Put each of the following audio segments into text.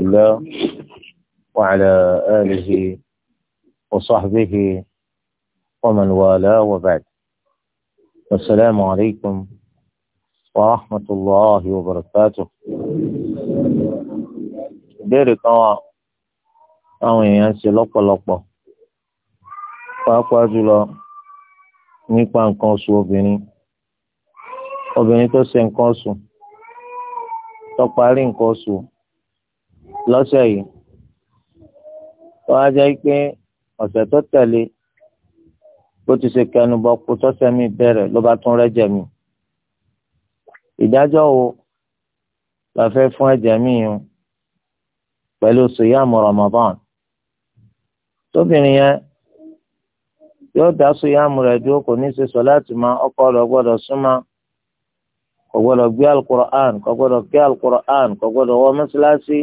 الله وعلى آله وصحبه ومن والاه وبعد السلام عليكم ورحمة الله وبركاته ìbéèrè kan wà àwọn èèyàn ń ṣe lọ́pọ̀lọpọ̀ pàápàá jùlọ nípa nǹkan oṣù obìnrin obìnrin tó ṣe nǹkan oṣù tó parí nǹkan oṣù lọ́sẹ̀ yìí tó wá jẹ́ pé ọ̀sẹ̀ tó tẹ̀lé bó ti ṣe kẹnubọ kó tọ́sẹ̀ mi bẹ̀rẹ̀ ló bá tún rẹ́jẹ̀ mi ìdájọ́ wo la fẹ́ fún ẹ̀jẹ̀ mi yìí pẹ̀lú sùyàmù Ramadan tóbìnrin yẹn yóò dá sùyàmù rẹ̀ dúró kò ní í ṣe sọ láti máa ọkọ rẹ̀ gbọ́dọ̀ súnmọ́ kò gbọ́dọ̀ gbé alukur'an kò gbọ́dọ̀ gbé alukur'an kò gbọ́dọ̀ wọ mọ́ṣáláṣí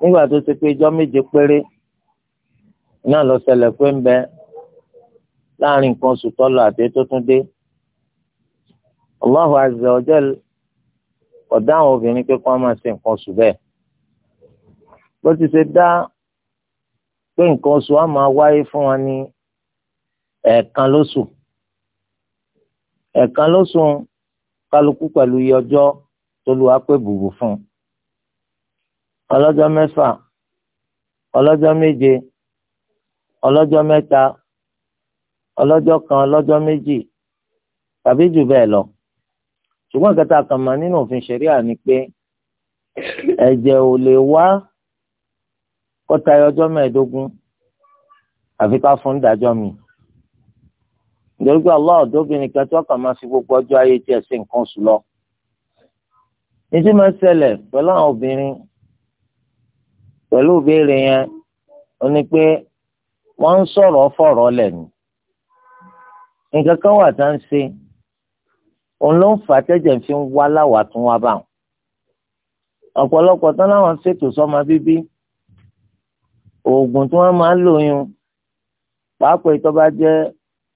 nígbà tó ṣe pé ijọ́ méje péré náà lọ ṣẹlẹ̀ pé ń bẹ láàrin nǹkan oṣù tó àti tó tún dé Allahu azza wa jal ọ̀dá àwọn obìnrin pé kí wọ́n máa ṣe nǹkan oṣù bẹ́ẹ̀ bó ti ṣe dá pé nǹkan oṣù á máa wáyé fún wọn ní ẹ̀ẹ̀kan lóṣù ẹ̀ẹ̀kan lóṣù kálukú pẹ̀lú iye ọjọ́ tó lu wá pé bùbù fún un ọlọ́jọ́ mẹ́fà ọlọ́jọ́ méje ọlọ́jọ́ mẹ́ta ọlọ́jọ́ kan ọlọ́jọ́ méjì tàbí jù bẹ́ẹ̀ lọ ṣùgbọ́n kẹta kan mà nínú òfin ṣẹ̀ríà ni pé ẹ̀jẹ̀ ò lè wá kọ́ta ọjọ́ mẹ́ẹ̀ẹ́dógún àfi ká fún ìdájọ́ mi nítorí pé Allah ọ̀dọ́bìnrin kan tí wọ́n kàn máa fi gbogbo ọjọ́ ayé tiẹ̀ sí nǹkan oṣù lọ. ní tí máa ń ṣẹlẹ̀ pẹ̀lú àwọn obìnrin pẹ̀lú ìbéèrè yẹn ó ní pé wọ́n ń sọ̀rọ̀ fọ̀rọ̀ lẹ́nu nǹkan kan wà tá ń ṣe òun ló ń fà tẹ́jẹ̀ fi ń wá láwà tún wá bá wọn ọ̀pọ̀lọpọ̀ tán láwọn ṣètò sọ́mọ bíbí oògùn tí wọ́n máa ń lò yún pàápàá ìtọ́ bá jẹ́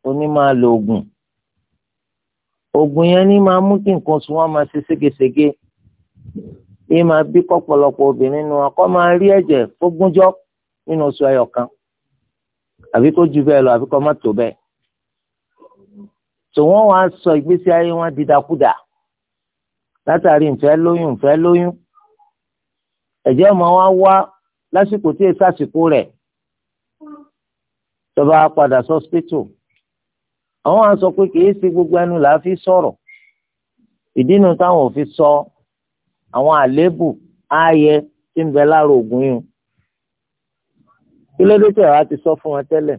onímọ̀-àlòògùn oògùn yẹn ní máa mú kí nǹkan oṣù wọn máa ṣe ségesège. Sege yìí máa bí kọ́pọ̀lọpọ̀ obìnrin nu ọkọ máa rí ẹ̀jẹ̀ tó gúnjọ́ nínú oṣù ẹyọ kan àbí kó ju bẹ́ẹ̀ lọ àbí kó má tó bẹ́ẹ̀. tò wọ́n wá sọ ìgbésí ayé wọn dìdakúdà látàrí ìfẹ́ lóyún ìfẹ́ lóyún ẹ̀jẹ̀ ọmọ wa wá lásìkò tí èsì àsìkò rẹ̀ tọba padà sọ́spítù àwọn á sọ pé kì í ṣe gbogbo ẹnu làá fi sọ̀rọ̀ ìdí nu táwọn ò fi sọ. So, àwọn àléébù ààyè tí ń bẹ lára oògùn yìí kí tí àwa ti sọ fún wọn tẹ́lẹ̀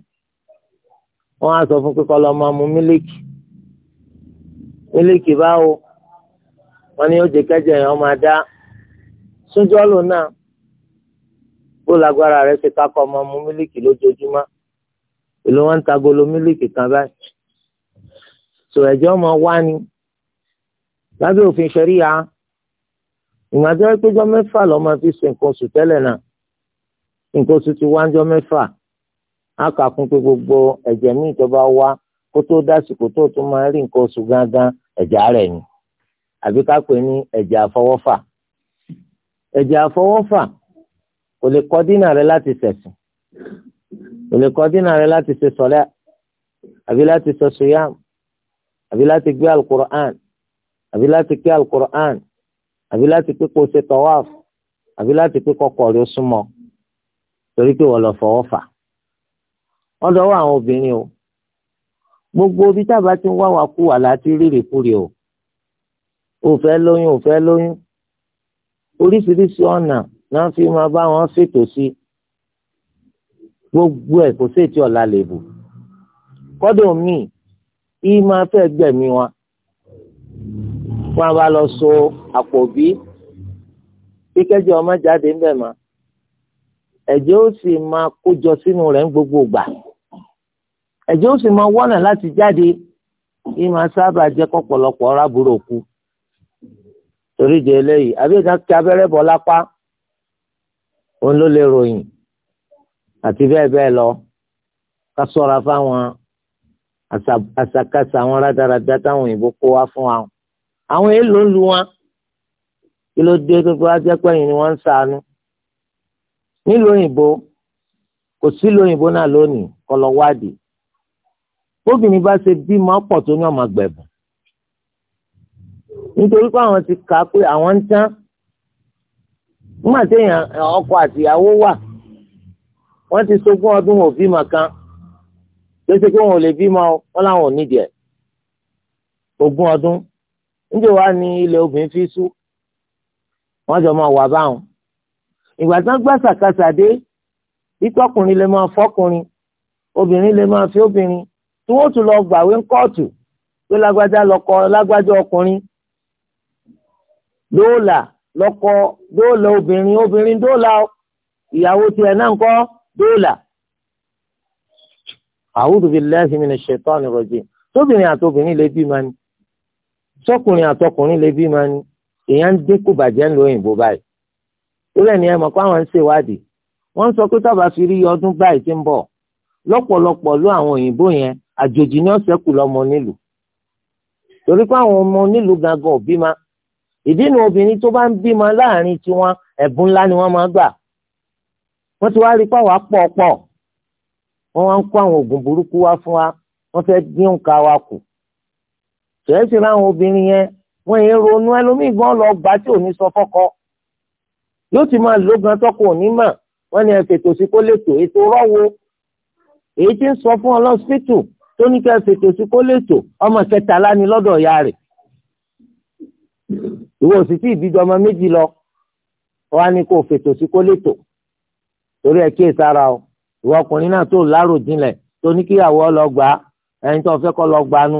wọ́n á sọ fún pé kó lọ máa mu mílíkì mílíkì báwo wọ́n ní ó jẹ kẹjẹ yẹn ọmọ adá súnjọ́ lò náà ó lágbára rẹ̀ ṣe kákọ́ ọmọ mu mílíkì lójoojúmọ́ èló wọn ń ta golo mílíkì kan báyìí sọ ẹ̀jẹ̀ ọmọ wá ni lábẹ́ òfin ṣẹ̀ríya ìgbàjọ́ ìpéjọ mẹ́fà lọ́ ma fi ṣe nǹkan oṣù tẹ́lẹ̀ náà nǹkan oṣù ti wá mẹ́fà á kà pé gbogbo ẹ̀jẹ̀ míì tó wá kó tó dásìkò tó tún máa rí nǹkan oṣù gángan ẹ̀jẹ̀ àbí ká pè ní ẹ̀jẹ̀ àfọwọ́fà ẹ̀jẹ̀ àfọwọ́fà kò lè kọ́ dínà rẹ láti kò lè kọ́ dínà rẹ láti ṣe àbí láti àbí láti gbé alukur'an àbí láti àbí láti pé kó ṣe tawaf àbí láti pé kọ́kọ́ rẹ̀ súnmọ́ torí pé wọ́n lọ fọwọ́ fà wọ́n dọ́wọ́ àwọn obìnrin o gbogbo ibi tábà ti ń wá wa kú wà láti rírì kúrì o ò fẹ́ lóyún ò fẹ́ lóyún oríṣiríṣi ọ̀nà náà fi máa bá wọn ṣètò sí gbogbo ẹ̀ kò sí ètí ọ̀la lè bù kọ́dọ̀ míì ìmọ̀ afẹ́ gbẹ̀mí wọn wọ́n bá lọ so àpò bí kíkẹ́jọ ọmọ jáde ńbẹ̀ mọ́ ẹ̀jẹ̀ ó sì máa kójọ sínú rẹ̀ ń gbogbo gbà ẹ̀jẹ̀ ó sì máa wọ́nà láti jáde kí máa sábà jẹ́ kọ́pọ̀lọpọ̀ ọ̀rá burú òkú torí di eléyìí àbí ìdá kí abẹ́rẹ́ bọ̀ lápá òun ló lè ròyìn àti bẹ́ẹ̀ bẹ́ẹ̀ lọ ká sọ̀ra fáwọn àṣàkáṣà àwọn rádaràdá táwọn òyìnbó kó wá fún wa àwọn èèlò ń lu wọn kí ló dé tó fi wá ni wọ́n ń ṣàánú nílùú òyìnbó kò sílùú òyìnbó náà lónìí kọ́ lọ wádìí bóbìnrin bá ṣe bímọ pọ̀ tó ní ọmọ gbẹ̀bùn nítorí pé àwọn ti kà á pé àwọn ń tán nígbà téèyàn ọkọ àtìyàwó wà wọ́n ti sogún ọdún wọn ò kan lóṣèké wọn ò lè bímọ wọn làwọn ò nídìí ẹ̀ ogún ọdún níjẹ́ wàá ní ilẹ̀ obìnrin fi sú wọ́n jọ máa wà báwọn. ìgbà tán gbà sàkàsà dé ìtọ́kùnrin lè máa fọ́kùnrin obìnrin lè máa fi obìnrin tí wọ́n tún lọ gbàwé ń kóòtù pé lágbájá lọ́kọ lágbájá ọkùnrin dóòlà lọ́kọ dóòlà obìnrin obìnrin dóòlà ìyàwó tiẹ̀ náà ń kọ́ dóòlà. a'udhu billahi minash shaitani rajim tóbìnrin àti obìnrin lè bí ma ni sọkùnrin àtọkùnrin lè bí ma ni èèyàn ń dínkù bàjẹ́ ń lo òyìnbó báyìí torí ẹni ẹ mọ̀ pé àwọn ń ṣèwádìí wọ́n sọ pé tábà fi rí ọdún báyìí ti ń bọ̀ lọ́pọ̀lọpọ̀ ló àwọn òyìnbó yẹn àjòjì ní ọ̀sẹ̀ kù lọ́mọ nílùú torí pé àwọn ọmọ nílùú gangan ò bímọ ìdí nu obìnrin tó bá ń bímọ láàrin tiwọn ẹ̀bùn ńlá ni wọ́n máa gbà wọ́n ti wá rí pàwọ́ pọ̀pọ̀ wọ́n wá ń kó àwọn oògùn burúkú wá fún wa wọ́n fẹ́ dín òǹkà wa kù sẹ́ẹ̀sì ráwọn obìnrin yẹn wọ́n yẹn ronú ẹlòmíì gan lọ gbà tí ò sọ fọ́kọ yóò ti máa lo gan òní mà wọ́n ní ẹ̀fẹ̀ tòsí kó lè tò ètò rọ́wọ́ èyí tí ń sọ fún ọlọ́sítù tó ní kí ọmọ lọ́dọ̀ ya rẹ̀ ìwọ sì tí ọmọ méjì lọ á ní torí ẹ sára o ìwọ ọkùnrin náà tó lárò jinlẹ̀ tó ní kíyàwó